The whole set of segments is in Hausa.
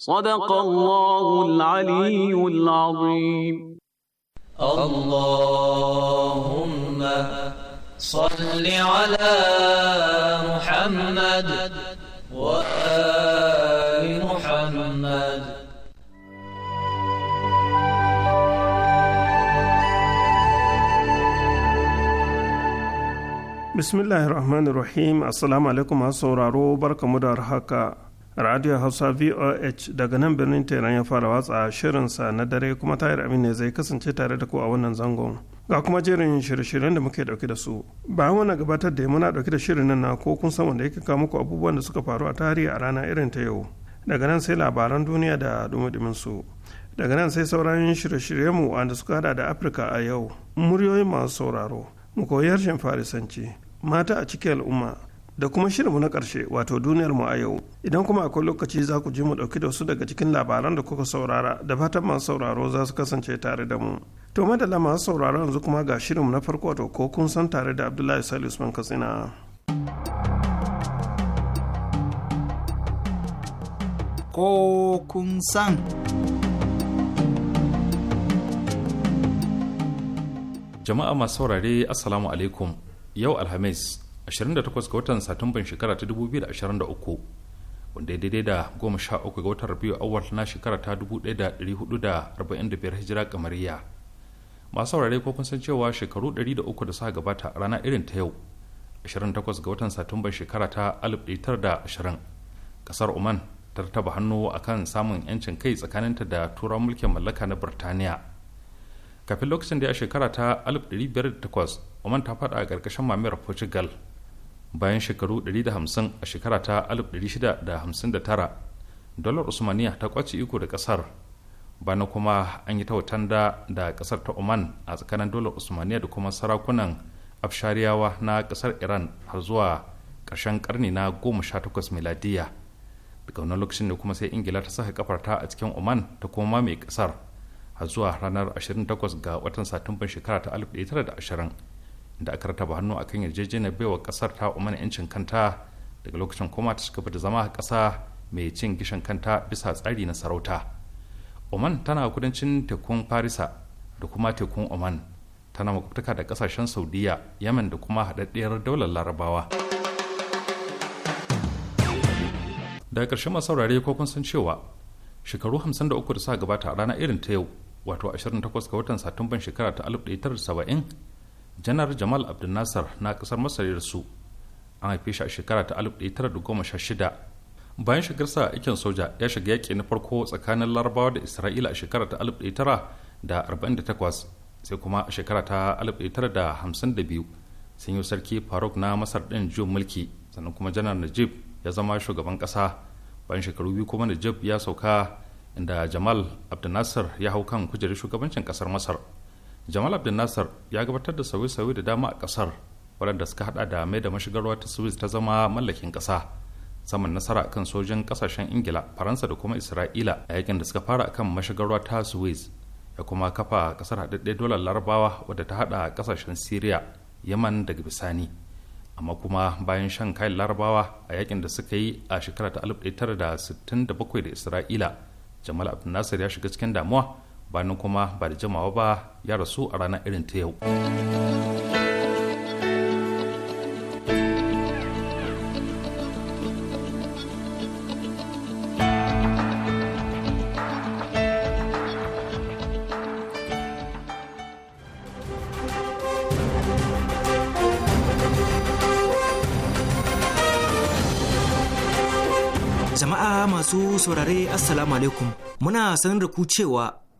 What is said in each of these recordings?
صدق الله العلي العظيم اللهم صل على محمد وآل محمد بسم الله الرحمن الرحيم السلام عليكم ورحمة الله وبركاته radio hausa voh daga nan birnin tehran ya fara watsa shirinsa na dare kuma tayar amin ne zai kasance tare da ku a wannan zangon ga kuma jerin shirye-shiryen da muke dauke da su bayan wannan gabatar da muna dauke da shirin nan na ko kun san wanda yake kawo muku abubuwan da suka faru a tarihi a rana irin ta yau daga nan sai labaran duniya da dumudumin su daga nan sai sauran shirye-shiryen mu wanda suka hada da afirka a yau muryoyin masu sauraro mu koyi harshen farisanci mata a cikin al'umma da kuma shirinmu na ƙarshe wato duniyar mu a yau idan kuma akwai lokaci za ku ji mu ɗauki da wasu daga cikin labaran da kuka saurara da fatan masu sauraro za su kasance tare da mu to madalla masu sauraro yanzu kuma ga shirinmu na farko wato ko kun san tare da abdullahi salisu usman katsina ko kun san jama'a masu saurare assalamu alaikum yau alhamis 28 ga watan satumban shekara ta 2023 wanda ya daidai da 13 ga watan rabiu awal na shekara ta 1445 hijira kamariya masu saurare ko kun san cewa shekaru 300 da suka gabata a rana irin ta yau 28 ga watan satumban shekara ta 1920 kasar oman ta taba hannu akan samun yancin kai tsakaninta da turawan mulkin mallaka na birtaniya kafin lokacin da ya shekara ta 1508 oman ta fada a ƙarƙashin mamayar portugal bayan shekaru 150 a shekara ta 1659 dalar usmaniya ta kwace iko da kasar bana kuma an yi ta watanda da kasar ta oman a tsakanin dalar usmaniya da kuma sarakunan afshariyawa na kasar iran har zuwa ƙarshen karni na 18 miladiya daga wannan lokacin da kuma sai ingila ta saka kafarta a cikin oman ta kuma mai kasar har zuwa ranar 28 ga watan satumban shekara ta 1920 da aka rataba hannu a kan yarjejeniyar baiwa kasar ta umar yancin kanta daga lokacin koma ta shiga da zama kasa mai cin gishan kanta bisa tsari na sarauta oman tana kudancin tekun farisa da kuma tekun oman tana makwabtaka da kasashen saudiya yaman da kuma haɗaɗɗiyar daular larabawa daga ƙarshe masu saurare ko kun san cewa shekaru 53 da suka gabata a rana irin ta yau wato 28 ga watan satumban shekara ta 1970 janar jamal abdul na kasar masar su an haife shi a shekara ta 1916 bayan shigarsa aikin soja ya shiga yaƙi na farko tsakanin larabawa da isra'ila a shekara ta 1948 sai kuma a shekara ta 1952 sun yi sarki faruk na masar ɗin juyin mulki sannan kuma janar najib ya zama shugaban ƙasa bayan shekaru biyu kuma najib ya sauka inda jamal abdul ya hau kan kujerar shugabancin ƙasar masar jamal abdul nasar ya gabatar da sauye-sauye da dama a kasar waɗanda suka haɗa da mai da mashigar ta swiss ta zama mallakin ƙasa saman nasara kan sojin ƙasashen ingila faransa da kuma isra'ila a yakin da suka fara kan mashigar ta swiss ya kuma kafa ƙasar haɗaɗɗe dolar larabawa wadda ta hada ƙasashen syria yaman daga bisani amma kuma bayan shan kayan larabawa a yakin da suka yi a shekara ta 1967 da isra'ila jamal abdul ya shiga cikin damuwa bayan kuma ba da jimawa ba ya rasu a ranar irin ta yau jama'a masu saurare assalamu alaikum muna sanar da ku cewa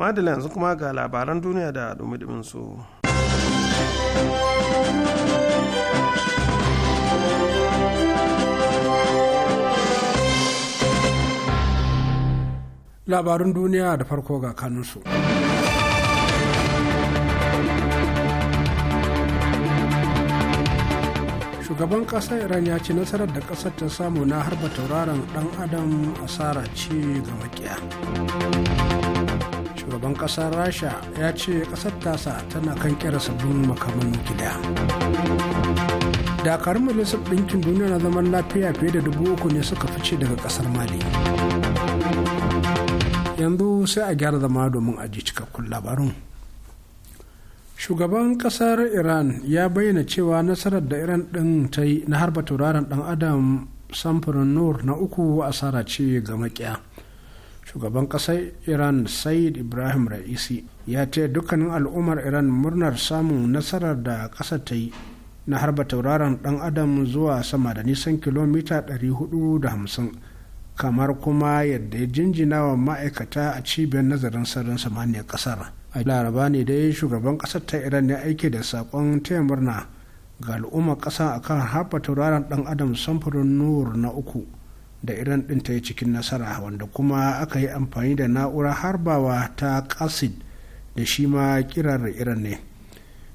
madalin yanzu kuma ga labaran duniya da dumi su. labarun duniya da farko ga kanunsu. shugaban ƙasar iran ya ci nasarar da ƙasar ta samu na harba tauraron dan adam asara ce ga makiya. shugaban kasar rasha ya ce kasar tasa tana kan kera sabbin makaman gida dakarun majalisar ɗinkin duniya na zaman lafiya fiye da dubu uku ne suka fice daga kasar mali yanzu sai a gyara zama domin a ji cikakkun labarun shugaban kasar iran ya bayyana cewa nasarar da iran ɗin ta yi na harba tauraron ɗan adam samfurin nur na uku asara ce ga makiya shugaban kasar iran said ibrahim ra'isi ya ce dukkanin al'ummar iran murnar samun nasarar da ƙasa ta yi na harba tauraron dan adam zuwa sama da nisan kilomita 450 kamar kuma yadda ya jinjina wa ma'aikata a cibiyar nazarin sararin samaniyar kasar a laraba ne dai shugaban ƙasar ta iran ya aike da saƙon taya murna ga al'ummar kasa akan harba tauraron dan adam samfurin nur na uku da iran ɗin ta yi cikin nasara wanda kuma aka yi amfani da na'ura harbawa ta kasid da shi ma kirar iran ne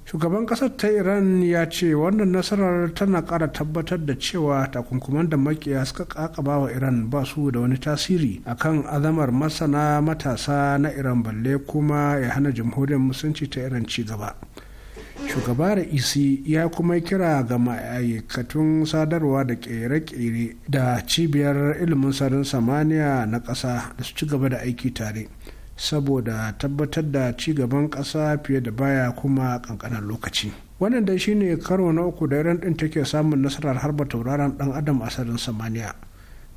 shugaban ƙasar ta iran ya ce wannan nasarar tana ƙara tabbatar da cewa takunkuman da makiya suka kakaba wa iran ba su da wani tasiri akan azamar masana matasa na iran balle kuma ya hana jamhuriyar musulunci ta iran ci gaba shugaba isi ya kuma kira ga ma'aikatun sadarwa da kere-kere da cibiyar ilimin sarin samaniya na ƙasa da su ci gaba da aiki tare saboda tabbatar da ci gaban ƙasa fiye da baya kuma ƙanƙanan lokaci wannan dai shine karo na uku da iran ɗin take samun nasarar harba tauraron dan adam a sarin samaniya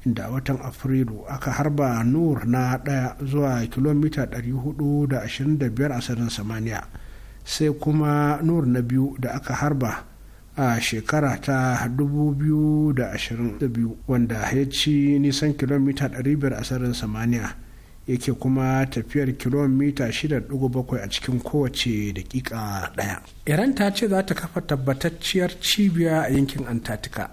inda a watan afrilu aka harba nur na ɗaya zuwa kilomita 425 a sarin samaniya sai kuma nur na biyu da aka harba a shekara ta 2022 wanda ya ci nisan kilomita 500 a sararin samaniya yake kuma tafiyar kilomita 6.7 a cikin kowace dakika daya iran ta ce za ta kafa tabbatacciyar cibiya a yankin antarctica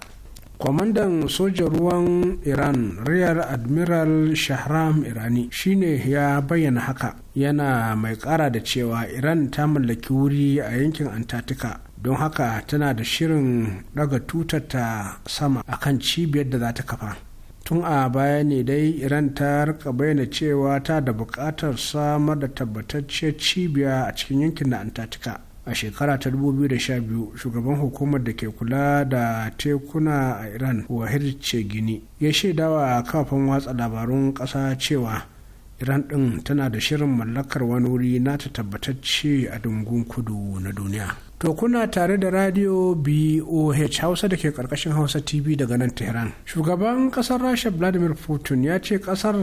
kwamandan sojan ruwan iran rear admiral shahram irani shine ya bayyana haka yana mai kara da cewa iran ta mallaki wuri a yankin antarctica don haka tana da shirin daga tutar ta sama akan cibiyar da za ta kafa tun a baya ne dai iran ta rika bayyana cewa ta da bukatar samar da tabbatacciyar cibiya a cikin yankin na antarctica a shekara ta 2012 shugaban hukumar da ke kula da tekuna a iran wahid gini ya shaidawa a kafin watsa labarun ƙasa cewa iran ɗin tana da shirin mallakar wani wuri na ta tabbatacce a dungun kudu na duniya to kuna tare da radio boh hausa da ke karkashin hausa tv daga nan tehran shugaban ƙasar rasha vladimir putin ya ce kasar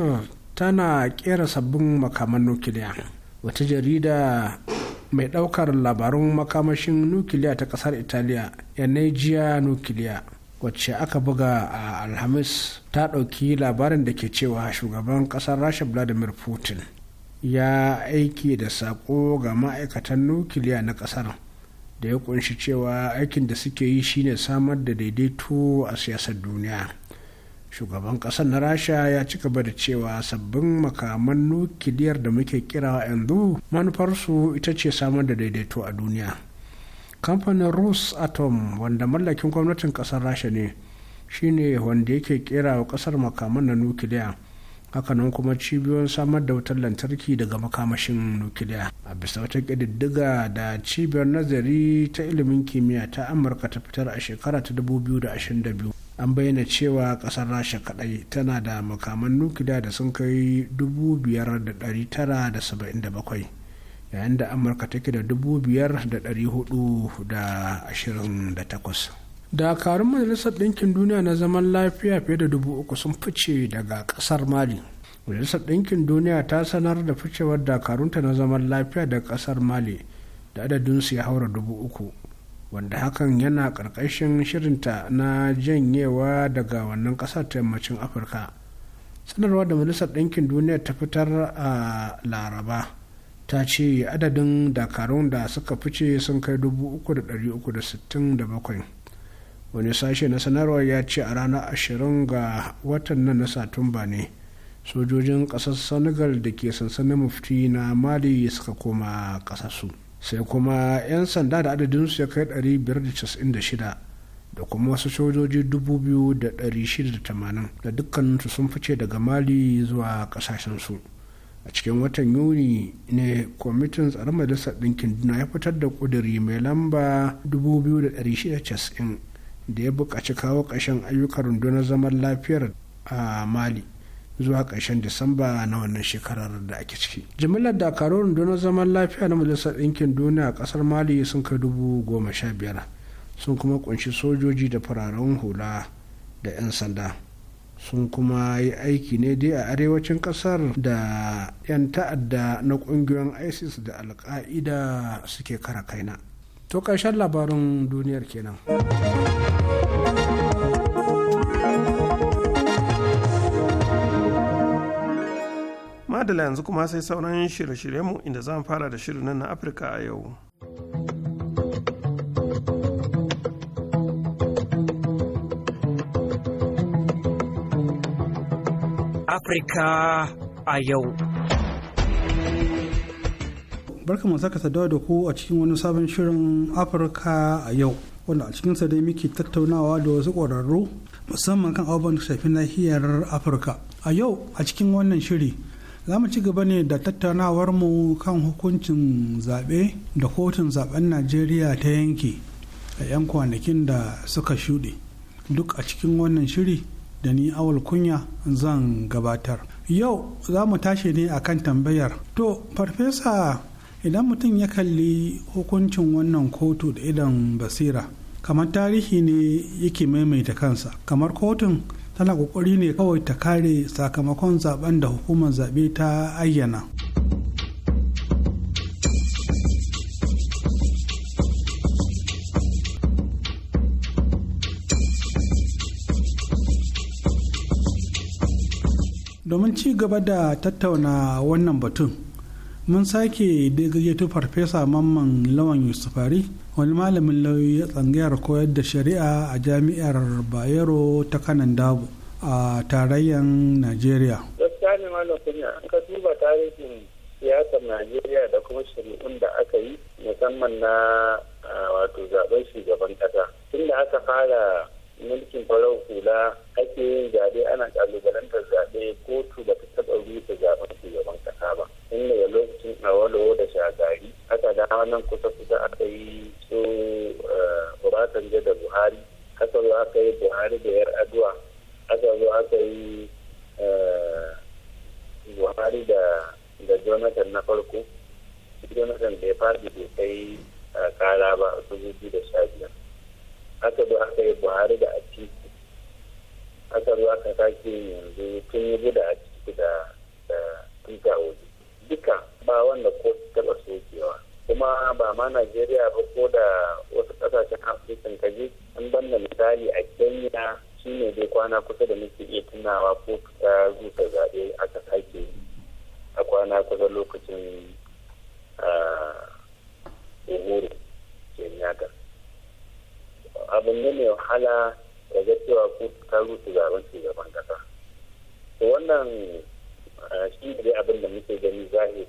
tana ƙera sabbin makaman nukiliya wata jarida mai ɗaukar labarun makamashin nukiliya ta ƙasar italiya energia nukiliya wacce aka buga a alhamis ta ɗauki labarin da ke cewa shugaban ƙasar rasha vladimir putin ya aiki da saƙo ga ma'aikatan nukiliya na ƙasar da ya kunshi cewa aikin da suke yi shine samar da daidaito a siyasar duniya shugaban ƙasar na rasha ya ci gaba da cewa sabbin makaman nukiliyar da muke kira yanzu manufarsu ita ce samar da daidaito a duniya kamfanin rus atom wanda mallakin gwamnatin ƙasar rasha ne shine wanda yake kera wa ƙasar makaman na nukiliya hakanan kuma cibiyoyin samar da wutar lantarki daga makamashin nukiliya a bisa wata kididdiga da cibiyar nazari ta ilimin kimiyya ta amurka ta fitar a shekara ta 2022 an bayyana cewa kasar rasha kadai tana da makaman nukiliya da sun kai 5,977 yayin da amurka take da 5,428 dakarun majalisar ɗinkin duniya na zaman lafiya fiye da dubu uku sun fice daga ƙasar mali majalisar ɗinkin duniya ta sanar da ficewar dakarunta na zaman lafiya da ƙasar mali da adadin su ya haura dubu uku wanda hakan yana ƙarƙashin shirinta na janyewa daga wannan ƙasar ta yammacin afirka sanarwar da majalisar ɗinkin duniya ta fitar a laraba ta ce adadin dakarun da suka fice sun kai da da sittin 3,367 wani sashe na sanarwa ya ce a ranar ashirin ga watan nan na satumba ne sojojin ƙasar senegal da ke sansanin mufti na mali suka koma ƙasarsu sai kuma 'yan sanda da adadin su ya kai 596 da kuma wasu sojoji 2,680 da dukkaninsu sun fice daga mali zuwa kasashensu a cikin watan yuni ne kwamitin tsaron majalisar ɗinkin duniya ya fitar da ƙuduri mai lamba 2,690 da ya buƙaci kawo ƙashin ayyukan rundunar zaman lafiyar a mali zuwa ƙarshen disamba na wannan shekarar da ake ciki jimillar dakarun rundunar zaman lafiya na majalisar ɗinkin duniya a ƙasar mali sun kai dubu goma sha biyar sun kuma kunshi sojoji da fararen hula da 'yan sanda sun kuma yi aiki ne dai a arewacin ƙasar da 'yan ta'adda na ƙungiyoyin isis da alƙa'ida suke kara kaina to ƙarshen labarin duniyar kenan. adala yanzu kuma sai sauran shirye-shiryenmu inda za mu fara da shirin nan na afirka a yau afirka a yau barka mu saka sadawa da ku a cikin wani sabon shirin afirka a yau wanda a cikinsa dai muke tattaunawa da wasu ƙwararru musamman kan abubuwan da shafi nahiyar afirka a yau a cikin wannan shiri za mu ci gaba ne da mu kan hukuncin zaɓe da kotun zaɓen najeriya ta yanke a 'yan kwanakin da suka shuɗe duk a cikin wannan shiri da ni awal kunya zan gabatar yau za mu tashi ne a kan tambayar to farfesa idan mutum ya kalli hukuncin wannan kotu da idan basira kamar tarihi ne yake maimaita kansa kamar kotun tana kokari ne kawai ta kare sakamakon zaben da hukumar zaɓe ta ayyana domin ci gaba da tattauna wannan batun mun sake daidaito farfesa mamman lawan yusufari wani malamin ya tsangayar koyar da shari'a a jami'ar bayero ta kanan dago a tarayyar najeriya gaskiya ne malam kunya an ka duba tarihin siyasar najeriya da kuma shari'un da aka yi musamman na wato zaben shugaban kasa tun da aka fara mulkin farar hula ake yin zaɓe ana ƙalubalantar zaɓe kotu ba ta taɓa rufe zaɓen shugaban tun daga lokacin awalo da shagari haka da nan kusa kusa aka yi su eh, Obasanjo da Buhari aka zo aka yi Buhari da yar aduwa aka zo aka yi eh, Buhari da da Jonathan na farko Jonathan da ya da bai kai kara eh, ba a dubu da sha biyar aka zo aka yi Buhari da Atiku aka zo aka sake yanzu tun yi da Atiku da da Tuka duka ba wanda ko taba sokewa kuma ba ma najeriya ba ko da wasu kasashen afirka ka je an banda misali a kenya shine dai kwana kusa da muke iya tunawa ko ta zuta zaɓe aka sake a kwana kusa lokacin uhuru kenyatta abin ne mai wahala da ga cewa ko ta zuta zaɓen shugaban ƙasa wannan shi ne abin da muke gani zahiri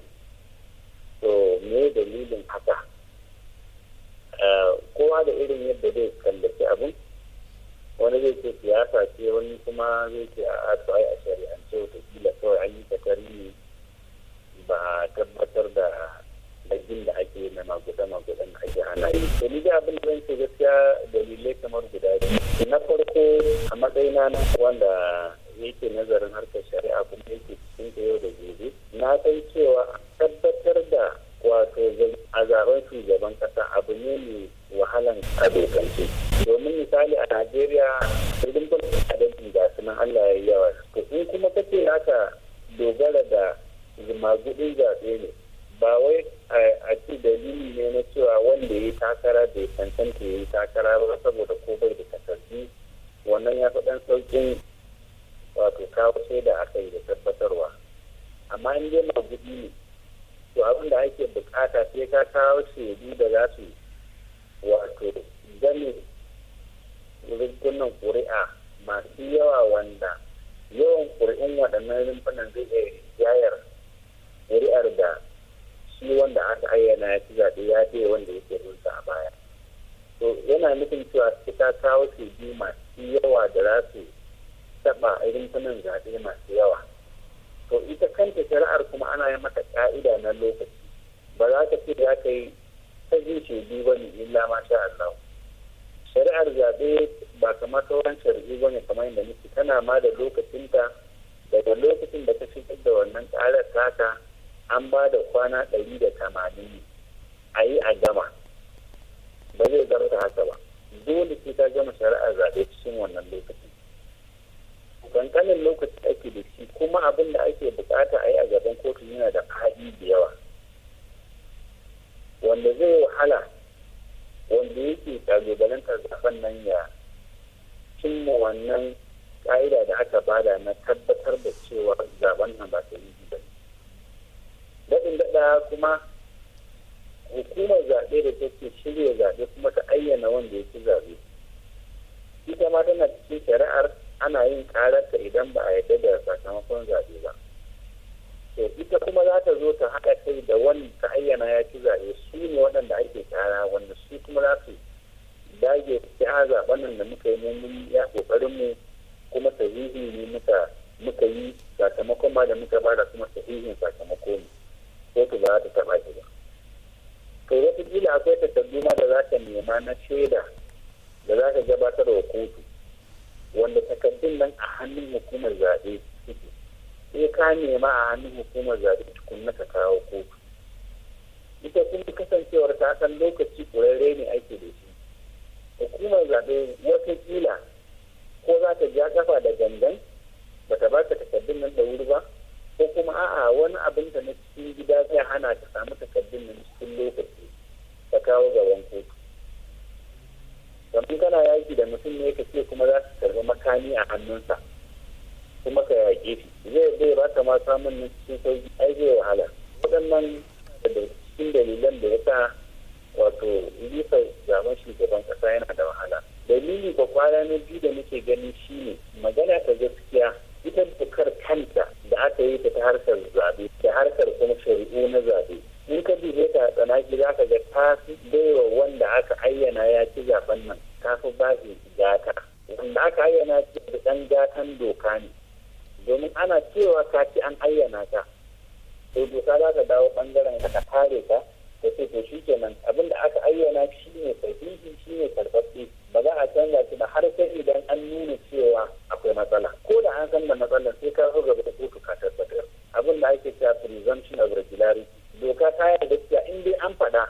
to me dalilin haka kowa da irin yadda zai kallaki abin wani zai ce siyasa ce wani kuma zai ce a to ai a shari'ance watakila kawai an yi takari ne ba a tabbatar da dagin da ake na maguda magudan da ake hana yi to ni da abin da zan ce gaskiya dalilai kamar guda biyu na farko a matsayina na wanda yake nazarin harkar shari'a kuma yake sun yau da gobe na san cewa tabbatar da wato a zaben shugaban kasa abu ne mai wahalan abokanci domin misali a najeriya kudin adadin ga su nan allah ya yi yawa to in kuma kace naka dogara da zumagudin zaɓe ne ba wai a ci dalili ne na cewa wanda ya yi takara da ya cancanta ya yi takara ba saboda ko bai da takardu wannan ya fi ɗan sauƙin wato kawo da aka yi da tabbatarwa amma in dai magudi ne to abin da ake bukata sai ka kawo shaidu da za su wato gane rikunan ƙuri'a masu yawa wanda yawan ƙuri'un waɗannan rumfunan zai iya yayar ƙuri'ar da shi wanda aka ayyana ya fi zaɓe ya fi wanda yake rinsa a baya to yana nufin cewa sai kawo shaidu masu yawa da za su taba sanin zaɓe masu yawa to ita kanta shari'ar kuma ana yi mata ƙa'ida na lokaci ba za ta ce da ka yi ta zuce biyu ba ne illa ma sha Allah shari'ar zaɓe ba kamar sauran shari'i ba ne kamar yadda muke tana ma da lokacinta daga lokacin da ta fitar da wannan ƙarar taka an ba da kwana ɗari da tamanin a yi a gama ba zai zarta haka ba dole sai ta gama shari'ar zaɓe cikin wannan lokacin kankanin lokaci ake da shi kuma abin da ake bukata a yi a gaban kotu yana da kadi da yawa wanda zai wahala wanda yake kalubalantar zaben nan ya cimma wannan ka'ida da aka bada na tabbatar da cewa zaben nan ba ta yi ba daɗin daɗa kuma hukumar zaɓe da take shirya zaɓe kuma ta ayyana wanda ya ci zaɓe ita ma tana cikin shari'ar ana yin ƙararta idan ba a yarda da sakamakon zaɓe ba to ita kuma za ta zo ta haɗa kai da wani ta ayyana ya ci zaɓe su ne waɗanda ake ƙara wanda su kuma za su dage ta a zaɓen nan da muka yi mun ya ƙoƙarin mu kuma sahihi ne muka muka yi sakamakon ma da muka bada kuma sahihin sakamako ne ko ba za ta taɓa shi ba to kila akwai takardu ma da za ta nema na shaida da za ta gabatar wa kotu wanda takardun nan a hannun hukumar zaɓe suke sai ka nema a hannun hukumar zaɓe na ka kawo kotu ita kuma kasancewar ta san lokaci ƙurarre ne ake da shi hukumar zaɓe watakila ko za ta ja kafa da gangan ba ta ba ta takardun nan da wuri ba ko kuma a'a wani abin da na cikin gida zai hana ta samu takardun nan cikin lokaci ta kawo gaban kotu domin kana yaki da mutum ne ka ce kuma za su karbi makami a hannunsa kuma ka yaƙe shi zai bai ba ka ma samun na cikin sauki ai zai wahala waɗannan da cikin dalilan da ya sa wato bisa zaben shugaban ƙasa yana da wahala dalili ba kwana na biyu da muke gani shine magana ta gaskiya ita dokar kanta da aka yi ta harkar zabe da harkar kuma shari'u na zabe in ka bi ta tsanaki za ka ga ta fi baiwa wanda aka ayyana ya ci zaben nan ta fi ba shi gata wanda aka ayyana ci da ɗan gatan doka ne domin ana cewa ka ci an ayyana ta to doka za ka dawo ɓangaren ka kare ka da ce to shi kenan abin da aka ayyana shi ne sahihi shi ne karɓaɓɓe ba za a canza shi ba har sai idan an nuna cewa akwai matsala ko da an san da matsalar sai ka zo gaba da kotu ka tabbatar abin da ake cewa presumption of regularity doka ta yi gaskiya in dai an faɗa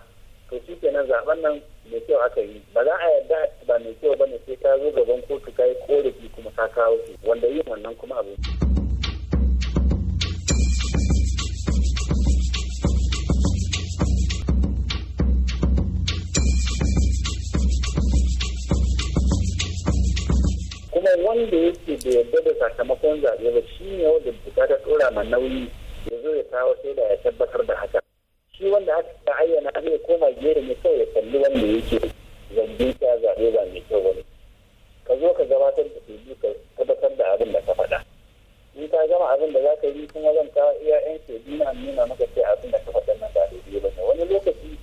to shi kenan zaɓen nan mai kyau aka yi ba za a yarda ba mai kyau ba ne sai ka zo gaban kotu ka yi korafi kuma ka kawo su wanda yin wannan kuma abu. kuma wanda yake da yadda da sakamakon zaɓe ba shi ne wanda doka ta ɗora ma nauyi zo ya kawo shaida ya tabbatar da haka shi wanda aka ayyana zai koma gere ne kawai ya kalli wanda yake zambi ta zaɓe ba mai kyau bane ka zo ka gabatar da su ka tabbatar da abin da ka faɗa in ka gama abin da za ka yi kuma zan kawo iya yan shaidu na nuna maka sai abin da ka faɗa na ba daidai ba ne wani lokaci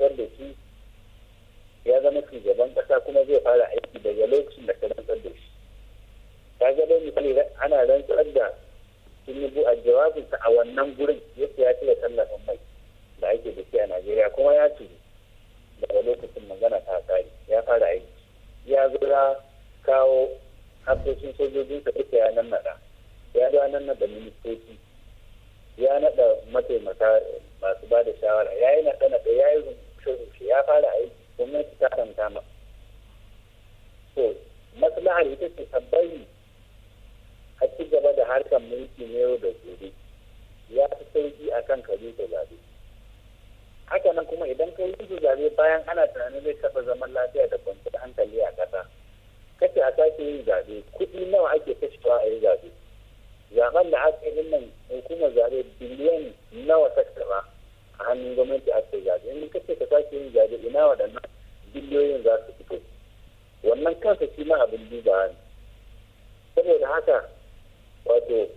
rantsar da shi ya zama shugaban kasa kuma zai fara aiki daga lokacin da ka rantsar da shi ta ga misali ana rantsar da sun yi bu'a jawabinsa a wannan gurin yadda ya cire tallafin mai da ake da a najeriya kuma ya cire daga lokacin magana ta tsari ya fara aiki ya zura kawo hafsoshin sojojinsa duka ya nan nada ya zo nan nada ministoci ya nada mataimaka masu ba da shawara ya yi nada nada ya yi shi ya fara aiki gwamnati ta kanta ma to maslahar ita ce tabbari a ci gaba da harkar mulki ne yau da gobe ya fi sauki a kan kare da zabe haka nan kuma idan ka yi da zabe bayan ana tunanin zai taɓa zaman lafiya da kwanciyar hankali a ƙasa kace a sake yin zabe kuɗi nawa ake kashewa a yi zabe zaben da aka yi nan hukumar zabe biliyan nawa ta karɓa a hannun gwamnati a kai zaɓe in kace ka sake yin zaɓe ina waɗannan biliyoyin za su fito wannan kansa shi ma abin duba ne saboda haka wato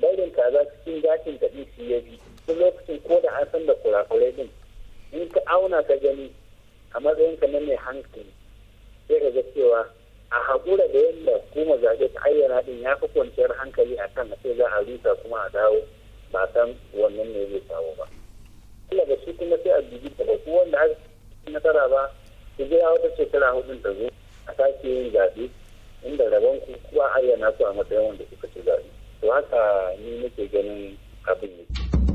barin kaza cikin gashin kaɗi shi ya fi tun lokacin ko da an san da kurakurai din in ka auna ka gani a ka na mai hankali sai ka ga cewa a haƙura da yadda kuma zaɓe ta ayyana ɗin ya fi kwanciyar hankali a kan a ce za a rusa kuma a dawo ba san wannan ne zai kawo ba. kila da su kuma sai a dubi ta ba ko wanda aka nasara ba su je a wata shekara hudun ta zo a sake yin zaɓe inda rabon ku kuma ayyana su a matsayin wanda suka ci zaɓe to haka ni nake ganin abin yake.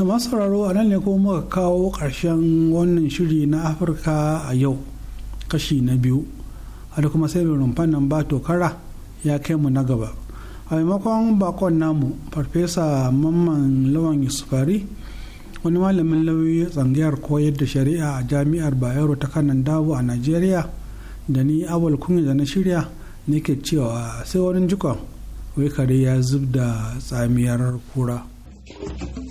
ta masu sauraro a nan ne kuma muka kawo ƙarshen wannan shiri na afirka a yau kashi na biyu da kuma sai mai rumfan nan ba tokara ya kai mu na gaba a maimakon bakon namu farfesa mamman lawan yusufari wani malamin lauyi tsangayar koyar da shari'a a jami'ar bayero ta kanan dawo a nigeria da ni awal kunya da na shirya nake cewa sai wani jikon wai kare ya zub da tsamiyar kura. thank you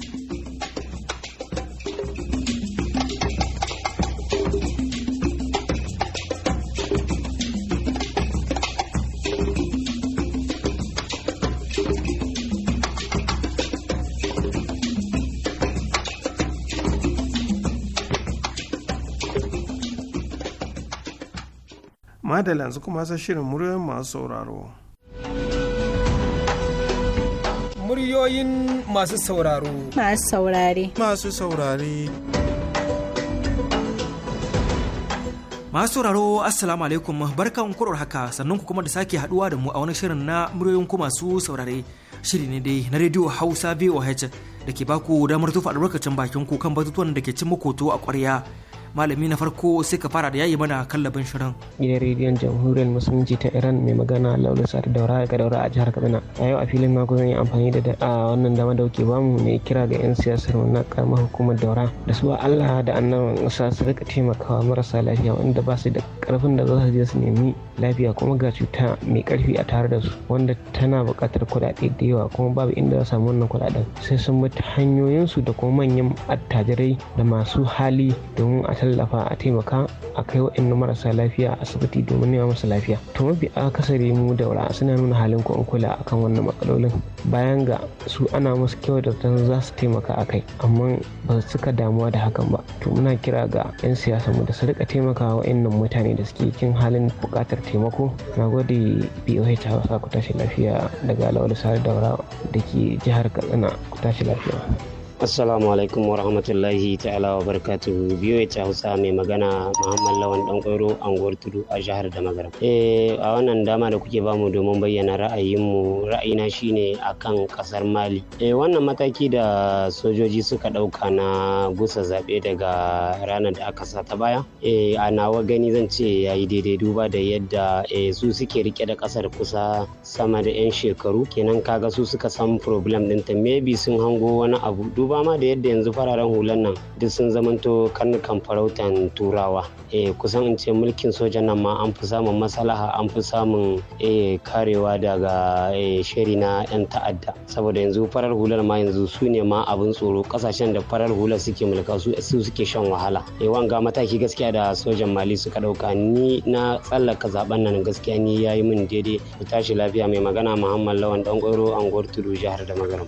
madalla yanzu kuma sai shirin muryoyin masu sauraro muryoyin masu sauraro masu saurare masu saurare masu sauraro assalamu alaikum barkan kurar haka sannan ku kuma da sake haduwa da mu a wani shirin na muryoyin ku masu saurare shiri ne dai na rediyo hausa voh da ke baku damar tufa albarkacin bakin ku kan batutuwan da ke cin makoto a kwarya malami na farko sai ka fara da yayi mana kallabin shirin gidan rediyon jamhuriyar musulunci ta iran mai magana laulu sa'ad daura daga daura a jihar kaduna a yau a filin na zan yi amfani da wannan dama da kuke bamu ne kira ga yan siyasar na karamar hukumar daura da su allah da annaban isa su rika taimakawa marasa lafiya wanda ba su da karfin da za su je su nemi lafiya kuma ga cuta mai karfi a tare da su wanda tana buƙatar kuɗaɗe da yawa kuma babu inda za samu wannan kuɗaɗen sai sun bi hanyoyin hanyoyinsu da kuma manyan attajirai da masu hali domin a tallafa a taimaka a kai waɗannan marasa lafiya a asibiti domin nema masa lafiya to mafi akasari mu da wura suna nuna halin ko kula akan wannan matsalolin bayan ga su ana musu kyau da za su taimaka a kai amma ba su cika damuwa da hakan ba to muna kira ga 'yan siyasa mu da su rika taimaka wa mutane da suke kin halin buƙatar taimako na gode boh ta hausa ku tashi lafiya daga alawar sa'ar daura da ke jihar katsina ku tashi lafiya assalamu alaikum wa rahmatullahi ta'ala wa barakatuhu biyo ta hausa mai magana muhammad lawan dan kwairo anguwar tudu a jihar da eh a wannan dama da kuke bamu domin bayyana ra'ayinmu ra'ayina shine akan kasar mali eh wannan mataki da sojoji suka dauka na gusa zaɓe daga ranar da aka sa ta baya eh a nawa gani zan ce yayi daidai duba da yadda eh, su suke rike da kasar kusa sama da 'yan shekaru kenan kaga su suka san problem ɗinta maybe sun hango wani abu duba ma da yadda yanzu fararen hular nan duk sun zamanto karnukan farautan turawa e, kusan in ce mulkin sojan nan ma an fi samun masalaha an fi samun e, karewa daga e, eh, shiri na 'yan ta'adda saboda yanzu farar hular ma yanzu su ne ma abin tsoro kasashen da farar hular suke mulka su suke shan wahala e, wanga mataki gaskiya da sojan mali suka dauka ni na tsallaka zaben nan gaskiya ni yayi min daidai ku tashi lafiya mai magana muhammad lawan dan gwaro anguwar tudu jihar da magaram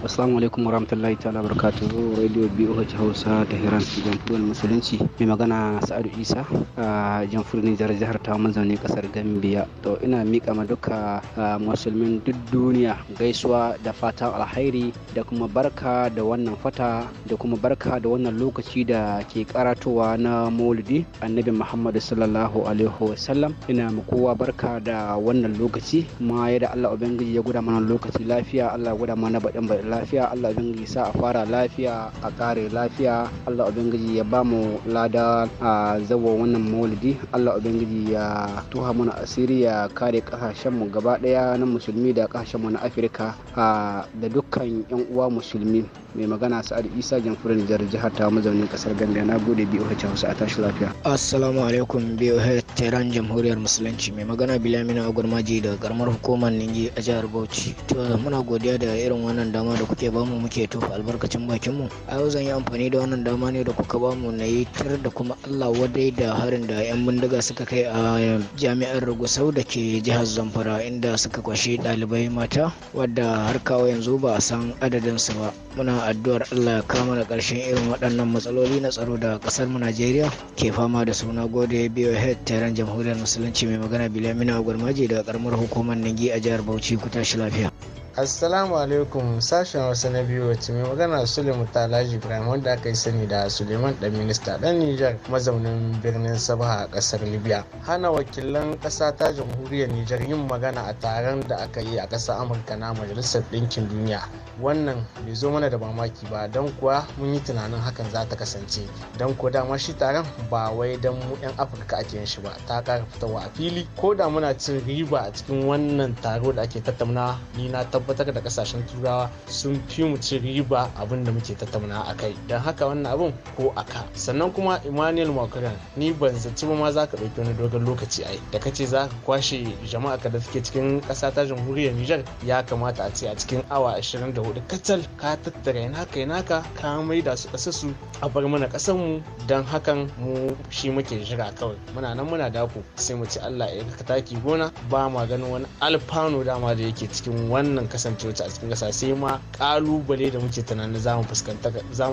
Assalamu alaikum warahmatullahi ta'ala barakatuhu Radio BOH Hausa ta Hiran Jamhuriyar Musulunci mai magana Sa'adu Isa a Jamhuriyar Nijar jihar ta mazauni kasar Gambia to ina mika ma duka musulmin duk duniya gaisuwa da fatan alhairi da kuma barka da wannan fata da kuma barka da wannan lokaci da ke karatowa na Maulidi Annabi Muhammad sallallahu alaihi wasallam ina ma kowa barka da wannan lokaci ma yadda Allah ubangiji ya guda mana lokaci lafiya Allah ya guda mana baɗin baɗin lafiya Allah ubangiji sa a fara lafiya a kare lafiya Allah ubangiji ya ba mu lada a zawo wannan maulidi Allah ubangiji ya tuha mana asiri ya kare kasashen mu gaba daya na musulmi da kasashen mu na Afirka da dukkan yan uwa musulmi mai magana Sa'ad Isa Jamfurin Nijar jihar ta mazaunin kasar Gambia na gode BOH Hausa a tashi lafiya Assalamu alaikum BOH Tehran Jamhuriyar Musulunci mai magana Bilamina Agurmaji daga garmar hukumar Ningi a jihar Bauchi to muna godiya da irin wannan dama da kuke bamu muke tofa albarkacin bakin mu a yau zan yi amfani da wannan dama ne da kuka bamu na yi tar da kuma Allah wadai da harin da yan bindiga suka kai a jami'ar rugusau da ke jihar Zamfara inda suka kwashe dalibai mata wadda har kawo yanzu ba a san adadin su ba muna addu'ar Allah ya kama da ƙarshen irin waɗannan matsaloli na tsaro da ƙasar mu Najeriya ke fama da suna gode biyo head taron jamhuriyar musulunci mai magana Bilamina Gwarmaji daga karamar hukumar Ningi a jihar Bauchi ku tashi lafiya. assalamu alaikum sashen wasu na biyu wacce mai magana suleiman talaji ibrahim wanda aka yi sani da suleiman dan minista dan nijar mazaunin birnin Sabaha a kasar libya hana wakilan kasa ta jamhuriyar nijar yin magana a taron da aka yi a kasar amurka na majalisar ɗinkin duniya wannan bai zo mana da mamaki ba don kuwa mun yi tunanin hakan za ta kasance don ko dama shi taron ba wai don mu yan afirka ake yin shi ba ta kara fitowa a fili ko da muna cin riba a cikin wannan taro da ake tattauna ni na tabbatar da kasashen turawa sun fi mu ci riba abin da muke tattauna a kai don haka wannan abin ko aka sannan kuma emmanuel macron ni ban zaci ba ma za ka ɗauki wani dogon lokaci ai da kace za ka kwashe jama'a ka da suke cikin ƙasa ta jamhuriyar nijar ya kamata a ce a cikin awa 24 kacal ka tattara yana haka yana haka ka da su ƙasa su a bar mana ƙasan mu don hakan mu shi muke jira kawai muna nan muna dako sai mu ci Allah ya ka taki gona ba ma ganin wani alfano dama da yake cikin wannan kasancewar a cikin ƙasa sai ma ƙalubale da muke tunanin za mu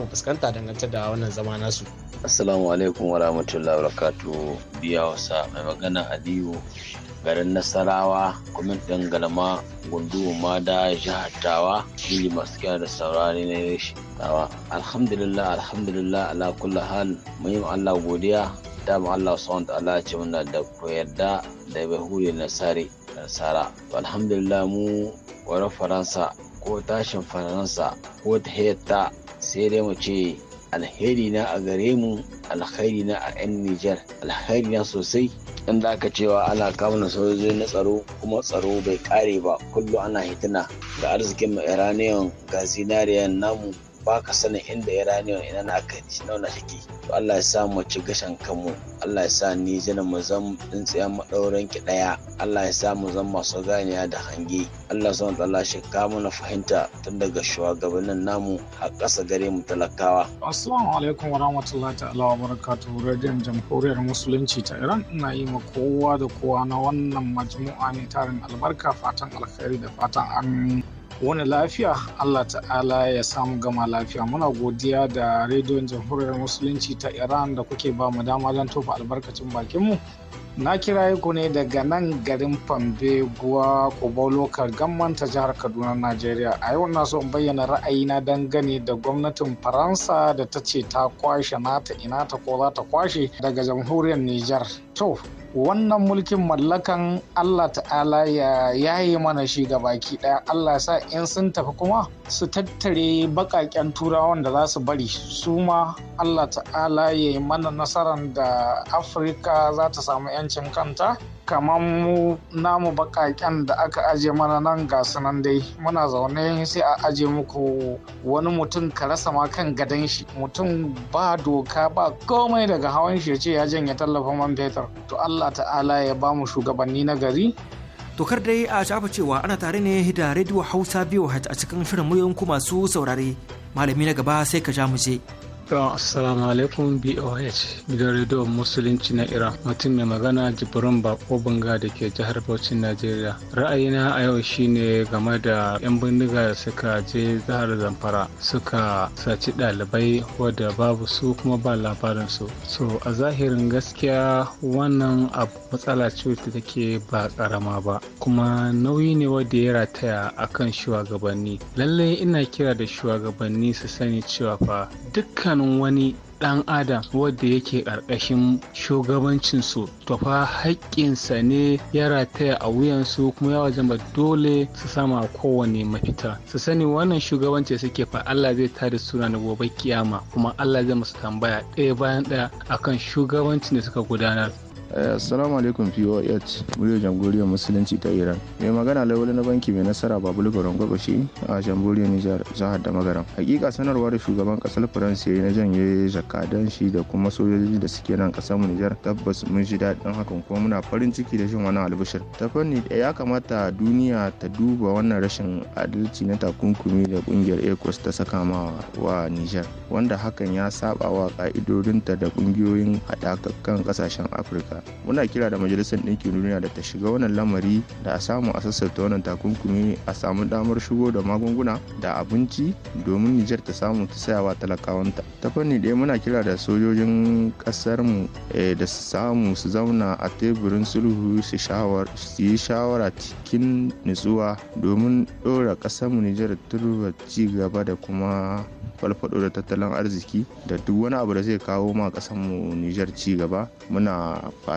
fuskanta dangantar da wannan zama nasu. Assalamu alaikum wa rahmatullahi wa barakatu biya wasa mai magana Aliyu garin Nasarawa kwamin ɗin galama gundu da jihar Tawa masu kyau da saurari na yashi. Tawa. Alhamdulillah alhamdulillah ala kulli hal muhim Allah godiya dama Allah subhanahu ta'ala ya ce muna da koyar da da bai hure nasari nasara alhamdulillah mu wani faransa ko tashin faransa ko ta sai dai mu ce alheri na a gare mu alheri na a 'yan Nijar alheri na sosai inda aka cewa ana kama na sojoji na tsaro kuma tsaro bai kare ba kullum ana hitina ga arzikin mu iraniyan ga zinariyan namu ka sanin inda ya wani ina na ka ci nauna take to Allah ya sa mu ci gashan kanmu Allah ya sa ni jina mu zan tsintsiya madaurin ki daya Allah ya sa mu zan masu ganiya da hange Allah ya sa Allah shi ka mana fahimta tun daga shugabannin namu a ƙasa gare mu talakawa assalamu alaikum wa rahmatullahi ta'ala wa barakatuh radio jamhuriyar musulunci ta Iran ina yi ma kowa da kowa na wannan majmu'a ne tarin albarka fatan alkhairi da fatan amin wani lafiya Allah ta'ala ya samu gama lafiya muna godiya da rediyon jamhuriyar musulunci ta iran da kuke ba mu dama don tofa albarkacin bakinmu na kira ku ne daga nan garin fambe guwa kubo lokal gamman ta jihar kaduna najeriya a yau na so in bayyana ra'ayina dangane da gwamnatin faransa da ta ce ta kwashe nata ina ta ko za ta kwashe daga jamhuriyar niger to wannan mulkin mallakan Allah ta'ala ya yaye mana shi ga baki daya Allah sa in sun tafi kuma su tattare bakaken turawan da za su bari su ma Allah ta'ala ya yi mana nasaran da Afirka za ta samu 'yancin kanta kamar mu namu bakaken da aka aje mana nan ga sunan dai muna zaune sai a aje muku wani mutum ka rasa ma kan gadon shi mutum ba doka ba komai daga hawan shi ce ya janye tallafa man fetur to Allah ta'ala ya ba mu shugabanni na gari kar dai a shafa cewa ana tare ne da Radio Hausa biyu a cikin shirin muryoyin ku masu saurare malami na gaba sai ka ja mu je. Assalamu alaikum BOH gidan rediyon Musulunci na Iran mutum mai magana Jibrin Bako Banga da ke jihar Bauchi Najeriya. Ra'ayina a yau shine game da 'yan bindiga da suka je jihar Zamfara suka saci ɗalibai wadda babu su kuma ba labarin su. So a zahirin gaskiya wannan abu matsala ce da take ba karama ba kuma nauyi ne wadda ya rataya akan shugabanni. Lallai ina kira da shugabanni su sani cewa fa dukkan tsakanin wani ɗan adam wadda yake ƙarƙashin shugabancinsu to fa haƙƙinsa ne ya rataya a wuyansu kuma ya wajen dole su sama kowane mafita su sani wannan shugabanci suke fa Allah zai tada suna na gobe kiyama kuma Allah zai musu tambaya ɗaya bayan ɗaya akan shugabancin da suka gudanar Eh, assalamu alaikum pos muryar jamhuriyar musulunci ta iran mai magana lawali na banki mai nasara babul garon gwagwashi a jamhuriyar nijar jihar da magaram hakika sanarwa da shugaban kasar faransa na janye zakadan shi da kuma sojoji da suke nan kasar mu nijar tabbas mun ji daɗin hakan kuma muna farin ciki da shin wannan albishir ta fanni da eh, ya kamata duniya ta duba wannan rashin adalci na takunkumi da kungiyar ecos ta saka ma wa nijar wanda hakan ya saba wa ka'idodinta da kungiyoyin kan kasashen afirka muna kira da majalisar ɗinkin duniya da ta shiga wannan lamari da a samu a sassauta wannan takunkumi a samu damar shigo da magunguna da abinci domin nijar ta samu ta sayawa talakawanta ta fanni ɗaya muna kira da sojojin ƙasarmu eh, da su samu su zauna a teburin sulhu su yi shawara cikin nutsuwa domin ɗora ƙasarmu nijar turba ci gaba da kuma falfaɗo da tattalin arziki da duk wani abu da zai kawo ma ƙasarmu nijar ci gaba muna fata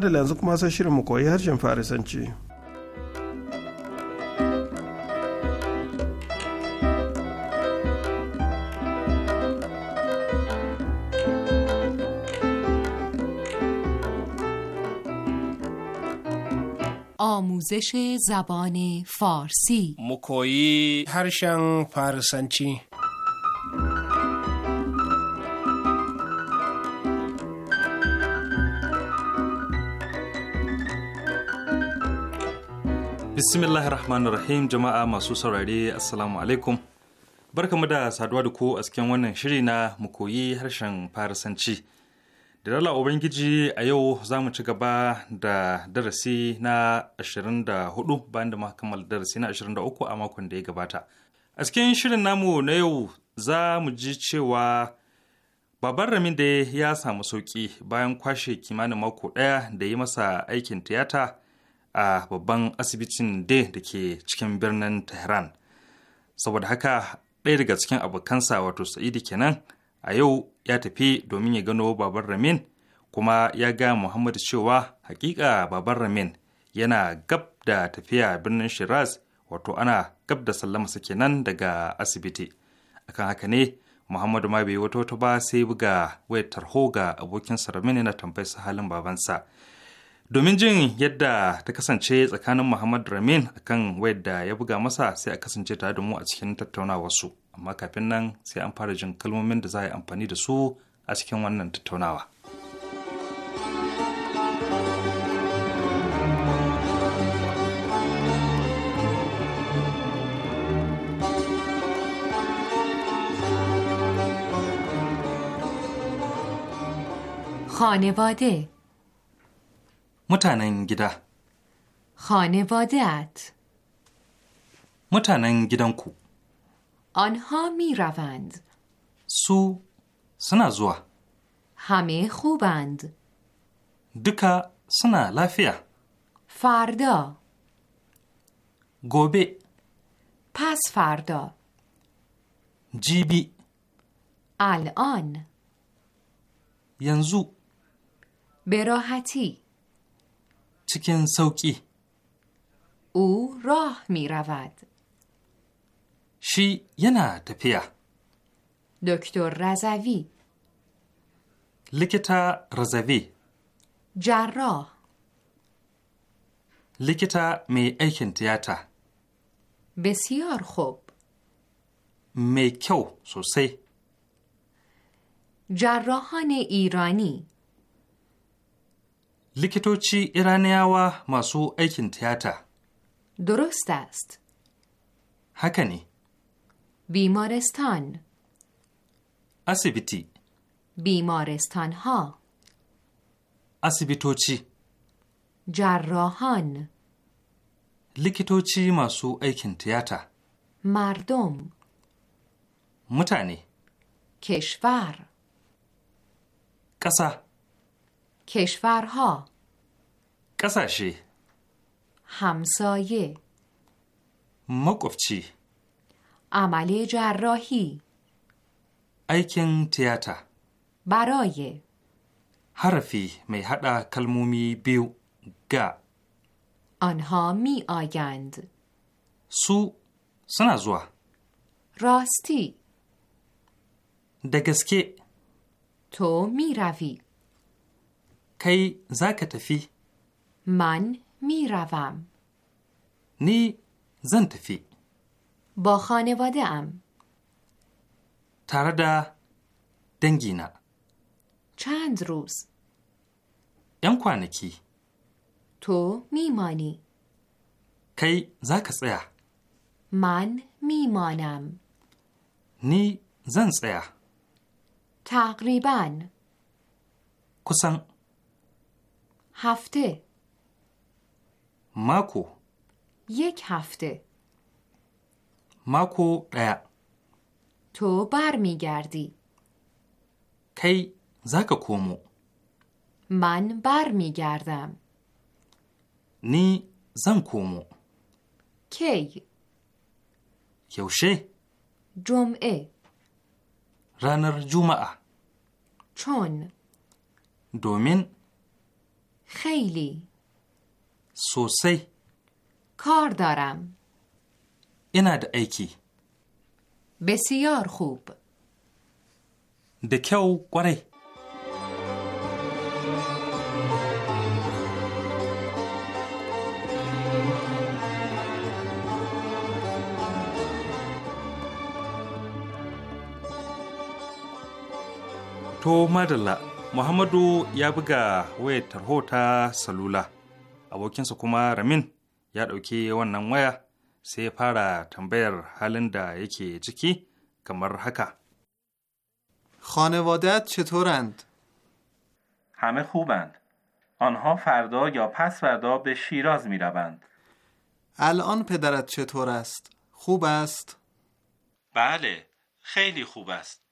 madalla yanzu kuma sai shirin mu koyi harshen farisanci آموزش زبان فارسی مکویی هرشن فارسنچی bismillahir rahman rahim jama'a masu saurare assalamu alaikum mu da saduwa da ku a cikin wannan shiri na mu koyi harshen farisanci da dala ubangiji a yau za mu ci gaba da darasi na 24 bayan da muka kammala darasi na 23 a makon da ya gabata a cikin shirin namu na yau za mu ji cewa babar ramin da ya samu sauki bayan kwashe kimanin mako ɗaya da yi masa aikin tiyata a babban asibitin da da ke cikin birnin tehran saboda haka ɗaya daga cikin abokansa wato sa'idu kenan a yau ya tafi domin ya gano baban ramin kuma ya ga muhammad cewa hakika baban ramin yana gab da tafiya birnin shiraz wato ana gab da sallama su kenan daga asibiti akan haka ne muhammadu ma bai wata wata ba sai buga wayar tarho ga abokinsa ramin yana tambayar su halin babansa domin jin yadda ta kasance tsakanin muhammad ramin akan da ya buga masa sai a kasance tare da mu a cikin tattaunawarsu amma kafin nan sai an fara jin kalmomin da za a yi amfani da su a cikin wannan tattaunawa. خانواده متنن گیده خانوادت متنن گیدن کو آنها می روند سو سنا زوا همه خوبند دکا سنا لافیا فردا گوبه پس فردا جیبی الان ینزو براحتی چکن سوکی او راه می رود شی ینا تپیا دکتر رزوی لکتا رزوی جراح لکتا می ایکن تیاتا بسیار خوب می کو سوسی جراحان ایرانی لیکیتوچی ایرانیاوا ماسو ایکین تیاتا درست است هکنی بیمارستان اسیبیتی بیمارستان ها اسیبیتوچی جراحان لیکیتوچی ماسو ایکین تیاتا مردم متنی کشور کسا کشورها کساشی همسایه مقفچی عمل جراحی ایکن تیاتا برای حرفی می حدا کلمومی بیو گا آنها می آیند سو سنازوا راستی دگسکی تو می روی kai za ka tafi. Man miravam. Ni zan tafi. Ba khanewade Tare da dangina. Chand roz. ‘Yan kwanaki. To mimani. Kai za ka tsaya. Man mimanam. Ni zan tsaya. Taqriban. Kusan هفته ماکو یک هفته ماکو دیا تو برمیگردی کی زک کومو من بر گردم نی زن کومو کی یوشه جمعه رانر جمعه چون دومین خیلی سوسی کار دارم اینا ایکی بسیار خوب دکیو گوری تو madalla muhammadu ya buga wayar tarho ta salula abokinsa kuma ramin ya ɗauki wannan waya sai ya fara tambayar halin da yake ciki kamar haka خانوادت چطورند؟ همه خوبند. آنها فردا یا پس فردا به شیراز می روند. الان پدرت چطور است؟ خوب است؟ بله، خیلی خوب است.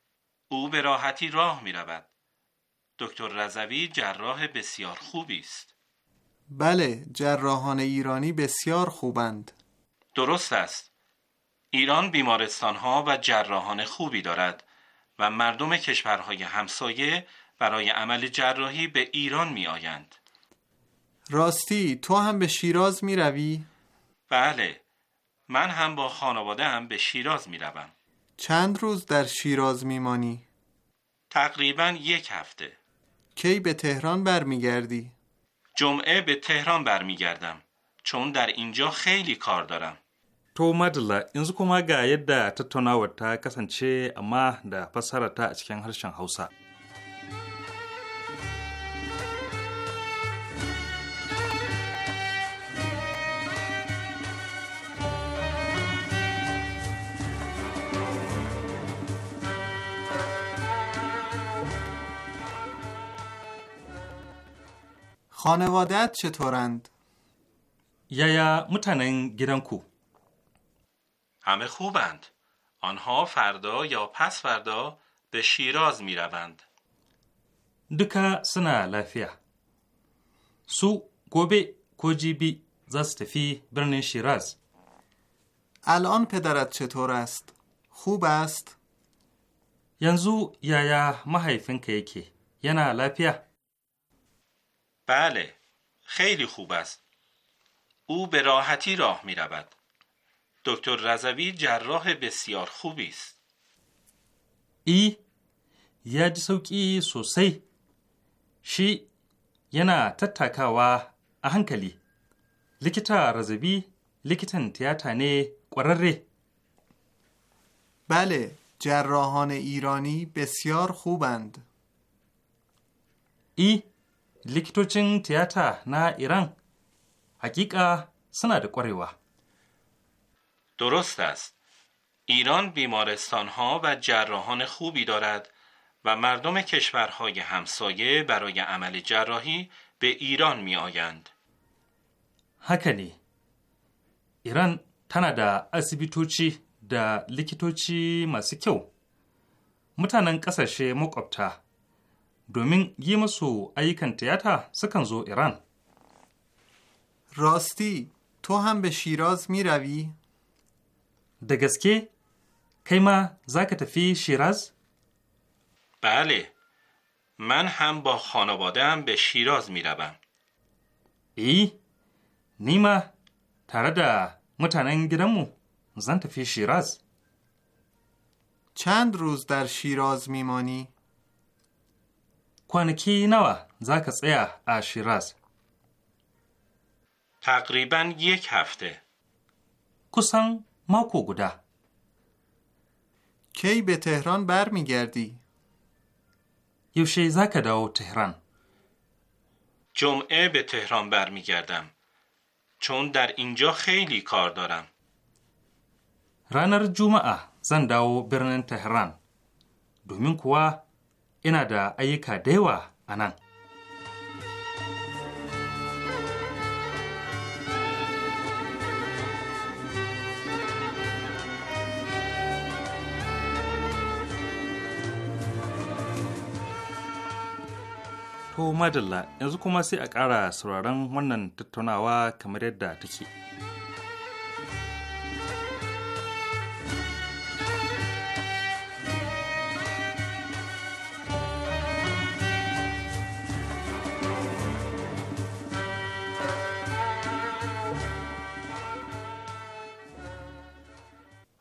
او به راحتی راه می رود. دکتر رضوی جراح بسیار خوبی است. بله، جراحان ایرانی بسیار خوبند. درست است. ایران بیمارستانها و جراحان خوبی دارد و مردم کشورهای همسایه برای عمل جراحی به ایران می آیند. راستی تو هم به شیراز می روی؟ بله من هم با خانواده هم به شیراز می روم. چند روز در شیراز می مانی؟ تقریبا یک هفته کی به تهران برمیگردی؟ جمعه به تهران برمیگردم چون در اینجا خیلی کار دارم. To madalla yanzu kuma ga yadda tattaunawar ta kasance amma da fassararta a cikin harshen Hausa. خانوادت چطورند؟ یایا متنن کو. همه خوبند آنها فردا یا پس فردا به شیراز می روند دکا سنا لافیه سو گوبه کوجیبی زستفی برن شیراز الان پدرت چطور است؟ خوب است؟ ینزو یایا محیفن که یکی ینا لافیه بله خیلی خوب است او به راحتی راه می رود دکتر رزوی جراح بسیار خوبی است ای یا سوکی سوسی شی ینا yana tattakawa a hankali likita razabi likitan بله جراحان ایرانی بسیار خوبند ای likitocin tiyata نه ایران حقیقا سنا da ƙwarewa. درست است. ایران بیمارستان ها و جراحان خوبی دارد و مردم کشورهای همسایه برای عمل جراحی به ایران می آیند. هکنی ایران tana da اسیبیتوچی da لیکیتوچی masu kyau mutanen ƙasashe domin yi musu ayyukan tiyata sukan زو ایران. راستی تو هم به شیراز می روی؟ دگسکه کیما زکت فی شیراز؟ بله من هم با خانواده هم به شیراز می روم ای نیما تردا متنن و زن فی شیراز چند روز در شیراز میمانی؟ کوانکی نوا زاک سیا اشیراز تقریبا یک هفته کوسان ماکو گودا کی به تهران برمیگردی؟ یوشی زاک داو تهران جمعه به تهران برمیگردم چون در اینجا خیلی کار دارم رانر جمعه زن داو برنن تهران دومین کوه ina da ayyuka da yawa a nan. To madalla yanzu kuma sai a ƙara sauraron wannan tattaunawa kamar yadda take.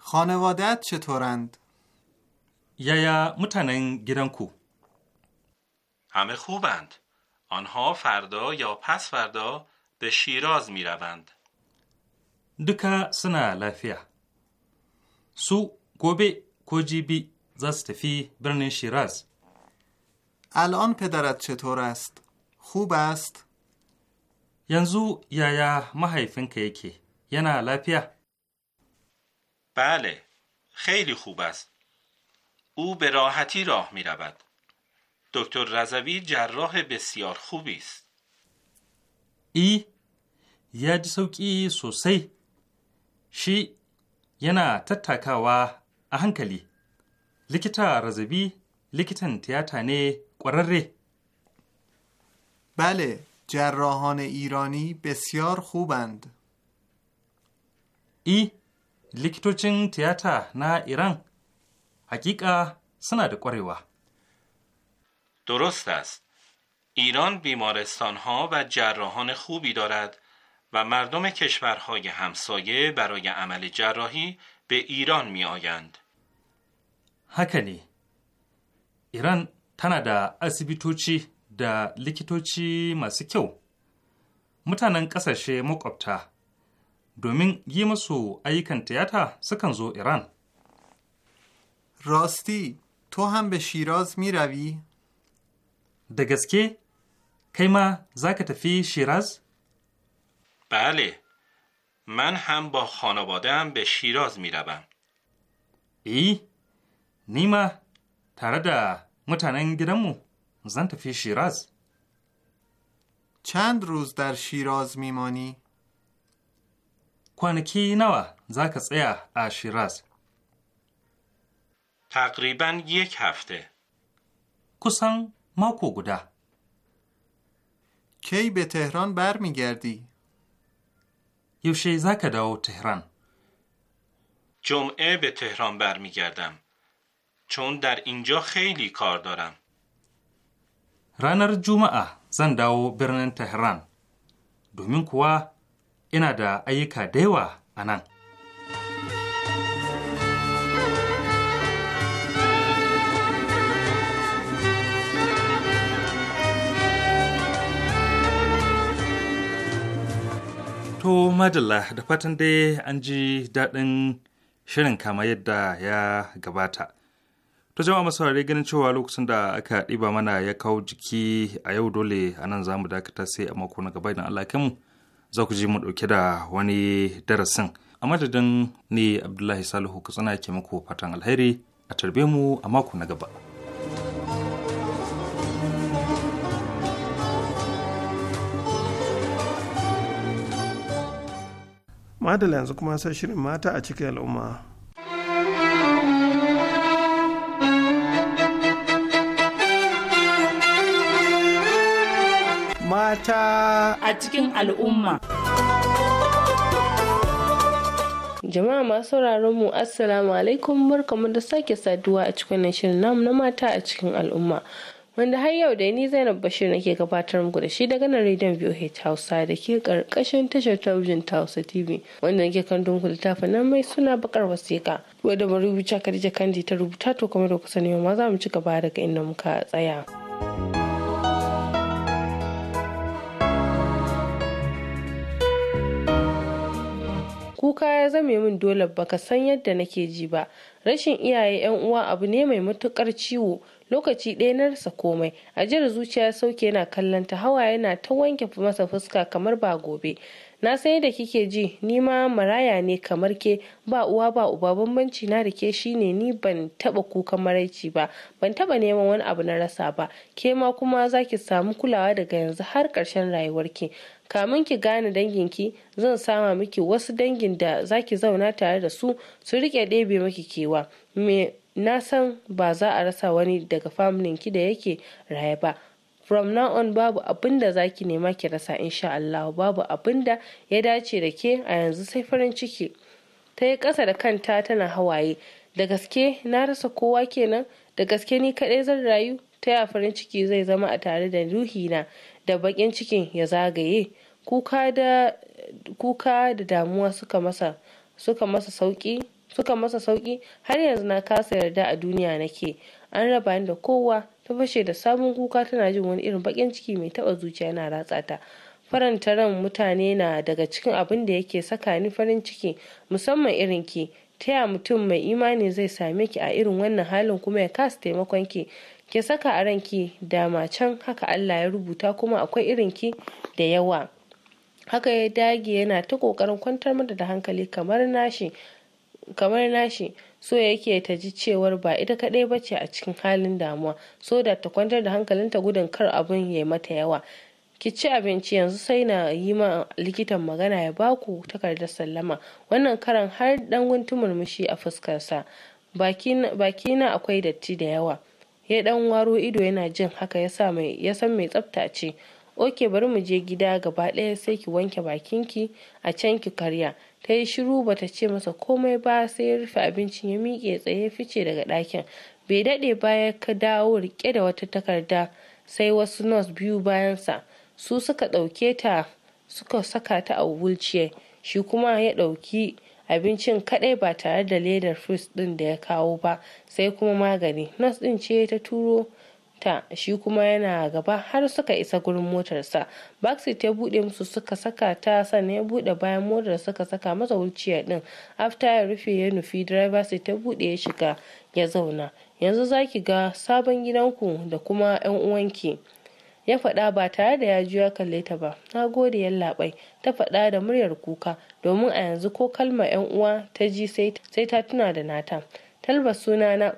خانوادت چطورند؟ یایا متنن کو همه خوبند آنها فردا یا پس فردا به شیراز می روند دکا سنا لفیا. سو گوبه کوجیبی زستفی برن شیراز الان پدرت چطور است؟ خوب است؟ ینزو یایا محیفن که یکی ینا بله خیلی خوب است او به راحتی راه می رود دکتر رزوی جراح بسیار خوبی است ای یجسوکی سوسی شی شی. ینا yana لکتا رزوی لکتن کلی. لکتا likitan بله جراحان ایرانی بسیار خوبند ای likitocin tiyata na ایران حقیقا سنا da ƙwarewa. درست است. ایران بیمارستان ها و جراحان خوبی دارد و مردم کشورهای همسایه برای عمل جراحی به ایران می آیند. هکنی ایران tana da اسیبیتوچی da لیکیتوچی masu kyau mutanen ƙasashe domin yi musu ayyukan tiyata ایران. راستی تو هم به شیراز می روی؟ دگسکی کیما زکت فی شیراز؟ بله من هم با خانواده ام به شیراز می روم ای نیما تردا متنن و زن تفی شیراز چند روز در شیراز میمانی؟ کانکی نوا زاک تسیا ا تقریبا یک هفته کوسان ماکو گودا کی به تهران برمیگردی یوشی زاک داو تهران جمعه به تهران برمیگردم چون در اینجا خیلی کار دارم رانر جمعه زن داو برنن تهران دومین کوه ina da ayyuka da yawa a nan. To madalla da fatan dai an ji daɗin shirin kama yadda ya gabata. To jama'a masu saurare ganin cewa lokacin da aka ɗiba mana ya kawo jiki a yau dole a nan za mu dakata sai a mako na gaba idan Allah mu. za ku ji mu ɗauke da wani darasin. A madadin ne Abdullahi Salihu tsana ke muku fatan alheri a tarbe mu a mako na gaba. Madala yanzu kuma sai shirin mata a cikin al'umma. mata a cikin al'umma. Jama'a masu sauraron mu Assalamu alaikum barkamu da sake saduwa a cikin shirin namu na mata a cikin al'umma. Wanda har yau da ni Zainab Bashir nake gabatar muku da shi daga nan rediyon VOH Hausa da ke karkashin tashar talabijin ta Hausa TV wanda nake kan dunku littafin nan mai suna bakar wasiƙa. Wadda marubuta Khadija Kandi ta rubuta to kamar da kusa ne ma za mu ci gaba daga inda muka tsaya. kuka ya zame min dole baka san yadda nake ji ba rashin iyaye yan uwa abu ne mai matukar ciwo lokaci ɗaya na rasa komai ajiyar zuciya sauke yana kallon ta hawa yana ta wanke masa fuska kamar ba gobe na san yadda kike ji ni ma maraya ne kamar ke ba uwa ba uba bambanci na da ke shine ni ban taba kuka maraici ba ban taba neman wani abu na rasa ba ke ma kuma zaki samu kulawa daga yanzu har ƙarshen rayuwarki kamun ki gane dangin ki zan sama miki wasu dangin da zaki zauna tare da su su rike ɗebe maki kewa me na san ba za a rasa wani daga ki da yake raye ba from now on babu abin da zaki nema ki rasa insha Allah babu abin da ya dace da ke a yanzu sai farin ciki ta yi ƙasa da kanta tana hawaye da gaske na rasa kowa kenan da gaske ni kaɗai zan rayu ta ya farin ciki zai zama a tare da ruhina da bakin cikin ya zagaye kuka da damuwa suka masa suka masa sauki suka masa sauki har yanzu na kasa yarda a duniya nake an raba ni da kowa ta fashe da sabon kuka tana jin wani irin bakin ciki mai taba zuciya yana ratsa ta faranta ran mutane na daga cikin abin da yake saka ni farin ciki musamman irin ki taya mutum mai imani zai same ki a irin wannan halin kuma ya kasa taimakon ki ki saka a ranki da can haka Allah ya rubuta kuma akwai irinki da yawa haka ya dage yana ta kokarin kwantar mata da hankali kamar nashi kamar nashi so yake ta ji cewar ba ita kaɗai ba ce a cikin halin damuwa so da ta kwantar da hankalinta gudun kar abin ya mata yawa ki ci abinci yanzu sai na yi ma likitan magana ya baku takardar sallama wannan karan har dan guntun murmushi a fuskarsa baki na akwai datti da yawa ya dan waro ido yana jin haka ya san mai tsafta ce oke bari mu je gida gaba ɗaya sai ki wanke bakin ki a can ki karya ta yi shiru bata ce masa komai ba sai ya rufe abincin ya miƙe tsaye ya fice daga ɗakin bai daɗe baya ka dawo rike da wata takarda sai wasu nurse biyu bayan sa su suka ɗauke ta suka saka ta a wulciya shi kuma ya ɗauki abincin kadai ba tare da ledar fruits din da ya kawo ba sai kuma magani nurse din ce ta turo ta shi kuma yana gaba har suka isa gurin motarsa baksi ta bude musu suka saka ta sannan ya bude bayan motar suka saka masa wuciya din after ya rufe ya nufi driver ta ta bude ya shiga ya zauna yanzu zaki ga sabon gidanku da kuma yan uwanki ya faɗa ba tare da ya juya kalle ta ba na gode yallaɓai ta faɗa da muryar kuka domin a yanzu ko kalma yan uwa ta ji sai ta tuna da nata talba suna na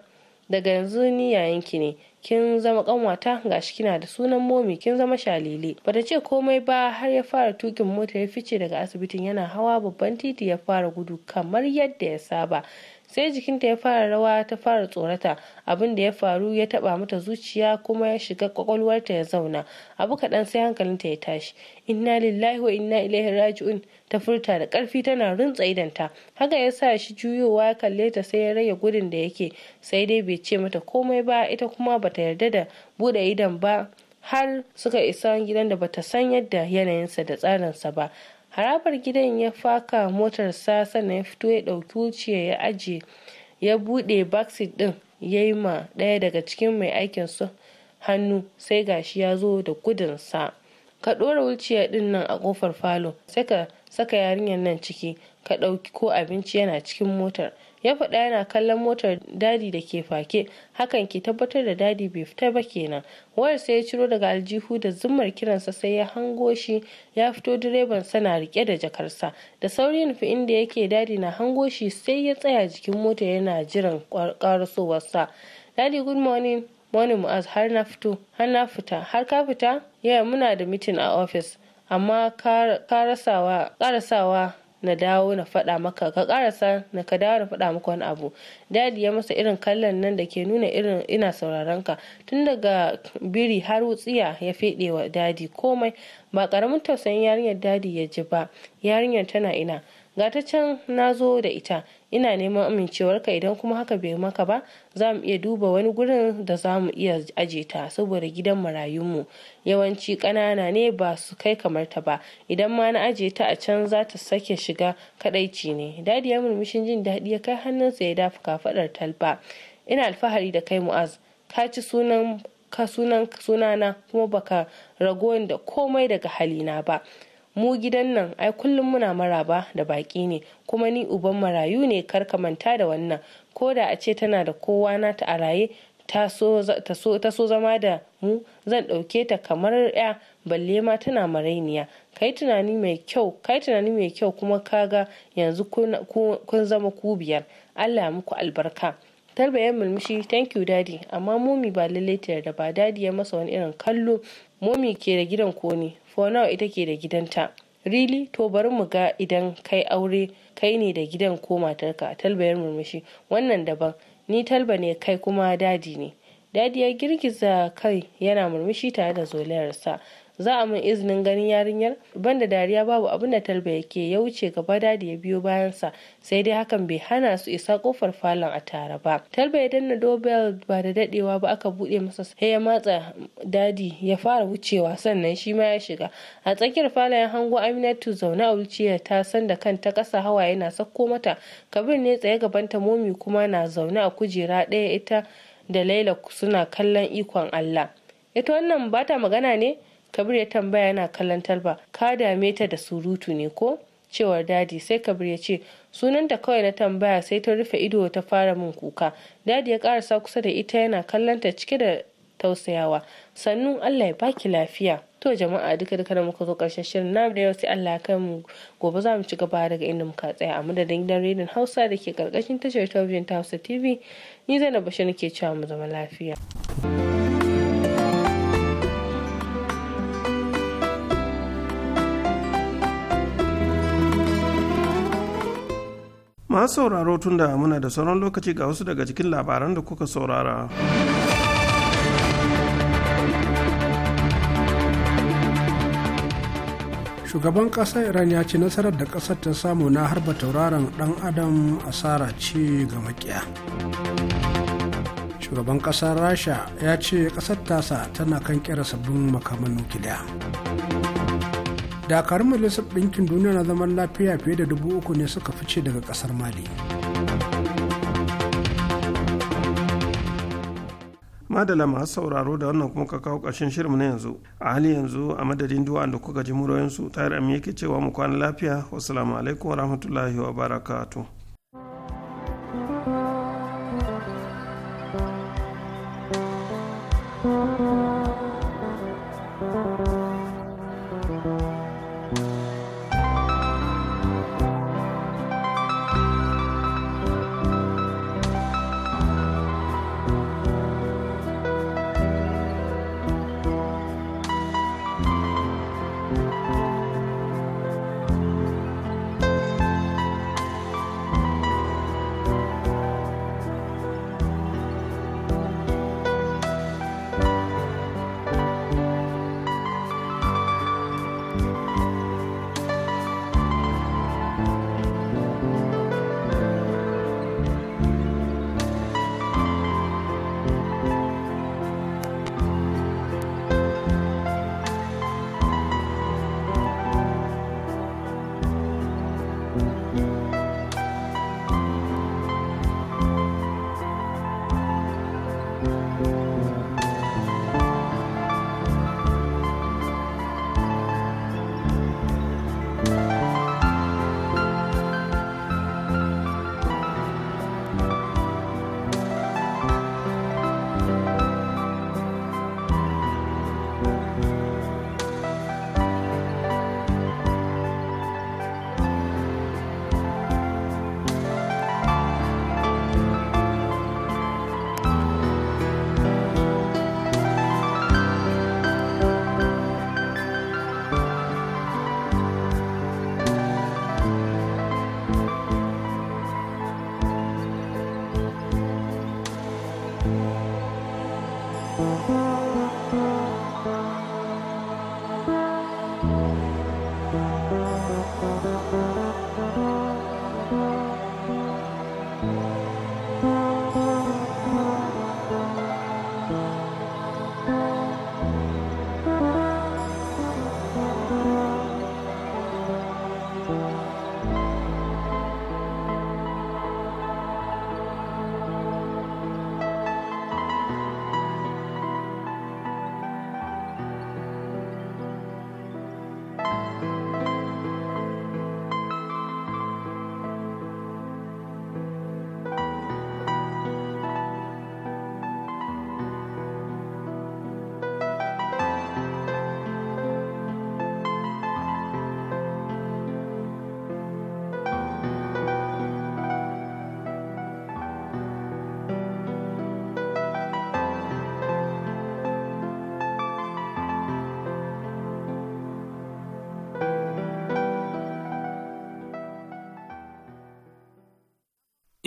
daga yanzu ni yayanki ne kin zama kanwata gashi kina da sunan momi kin zama shalile. bata ce komai ba har ya fara tukin mota ya fice daga asibitin yana hawa babban titi ya fara gudu kamar yadda ya saba sai jikinta ya fara rawa ta fara tsorata abin da ya faru ya taba mata zuciya kuma ya shiga kwakwalwarta ya zauna abu kaɗan sai hankalinta ya tashi inna lillahi wa inna ilaihi raji'un ta furta da ƙarfi tana runtsa idanta haka ya sa shi juyowa ya kalle ta sai ya rage gudun da yake sai dai bai ce mata komai ba ita kuma bata yarda da buɗe idon ba har suka isa gidan da bata san yadda yanayinsa da tsarinsa ba harabar gidan ya faka motarsa na ya fito ya ɗauki wuciya ya aje ya buɗe baksi ɗin ya yi ma ɗaya daga cikin mai aikin su hannu sai gashi ya zo da gudunsa ka ɗora wuciya ɗin nan a ƙofar falo sai ka saka yarinyar nan ciki ka ɗauki ko abinci yana cikin motar ya faɗa yana kallon motar dadi da ke fake hakan ke tabbatar da dadi bai fita ba kenan wayar sai ya ciro daga aljihu da zummar kiransa sai ya hango shi ya fito direban sana rike da jakarsa da sauri nufi inda yake dadi na hango shi sai ya tsaya jikin mota yana jiran karasowarsa dadi good morning morning mu'az har na fito har na fita har ka fita yaya muna da mitin a ofis amma karasawa na dawo na faɗa maka ka karasa na ka dawo na faɗa maka wani abu dadi ya masa irin kallon nan da ke nuna irin ina sauraron ka tun daga biri har wutsiya ya feɗe wa dadi komai ba karamin tausayin yarinyar dadi ya ji ba yarinyar tana ina ga can na zo da ita ina neman amincewarka idan kuma haka bai maka ba za mu iya duba wani gurin da za mu iya aje ta saboda gidan marayunmu yawanci ƙanana ne ba su kai kamar ta ba idan ma na aje ta a can za ta sake shiga kadaici ne dadi ya murmushin jin daɗi ya kai hannunsa ya dafa kafadar talba ina alfahari da kai mu'az ka ci sunan ka sunan sunana kuma baka rago da komai daga halina ba mu gidan nan ai kullum muna maraba da baki ne kuma ni uban marayu ne kar ka manta da wannan ko da a ce tana da kowa nata a raye ta so zama da mu zan ɗauke ta kamar ya balle ma tana marainiya kai tunani mai kyau kai tunani mai kyau kuma kaga yanzu kun zama ku biyar allah muku albarka talba ya murmushi thank you daddy amma momi ba lallai ta yarda ba daddy ya masa wani irin kallo momi ke da gidan ko ne for now ita ke da gidanta. Really to bari mu ga idan kai aure kai ne da gidan ko matarka talba ya murmushi wannan daban ni talba ne kai kuma dadi ne. daddy ya girgiza kai yana murmushi tare da zolayarsa za a min izinin ganin yarinyar banda dariya babu abin da talba yake ya wuce gaba da ya biyo bayansa sai dai hakan bai hana su isa kofar falon a tare ba talba ya danna dobel ba da dadewa ba aka bude masa sai ya matsa dadi ya fara wucewa sannan shi ma ya shiga a tsakiyar falon hango aminatu zaune a wuciyar ta san da kanta kasa hawa yana sakko mata kabir ne tsaye gabanta momi kuma na zaune a kujera ɗaya ita da laila suna kallon ikon allah ita wannan bata magana ne kabir ya tambaya yana kallon talba ka dame ta da surutu ne ko cewar dadi sai kabir ya ce sunanta kawai na tambaya sai ta rufe ido ta fara min kuka dadi ya karasa kusa da ita yana kallon ta cike da tausayawa sannu allah ya baki lafiya to jama'a duka duka da muka zo karshen shirin na da yau sai allah ya kai mu gobe za mu ci gaba daga inda muka tsaya a madadin gidan rediyon hausa da ke karkashin tashar talabijin ta hausa tv ni zainab bashir nake cewa mu zama lafiya. masu sauraro tun da muna da sauran lokaci ga wasu daga cikin labaran da kuka saurara. shugaban ƙasa iran ya ci nasarar da ƙasar ta samu na harba tauraron ɗan adam asara ce ga makiya shugaban ƙasar rasha ya ce kasar tasa tana kan kira sabbin makaman nukiliya dakarun majalisar ɗinkin duniya na zaman lafiya fiye da dubu uku ne suka fice daga ƙasar mali madala masu sauraro da wannan kuma ka kawo ƙarshen shirin na yanzu a hali yanzu a madadin duwa da kuka ji murayensu tayar amma yake cewa mu kwana lafiya wasu alaikum wa rahmatullahi wa barakatuh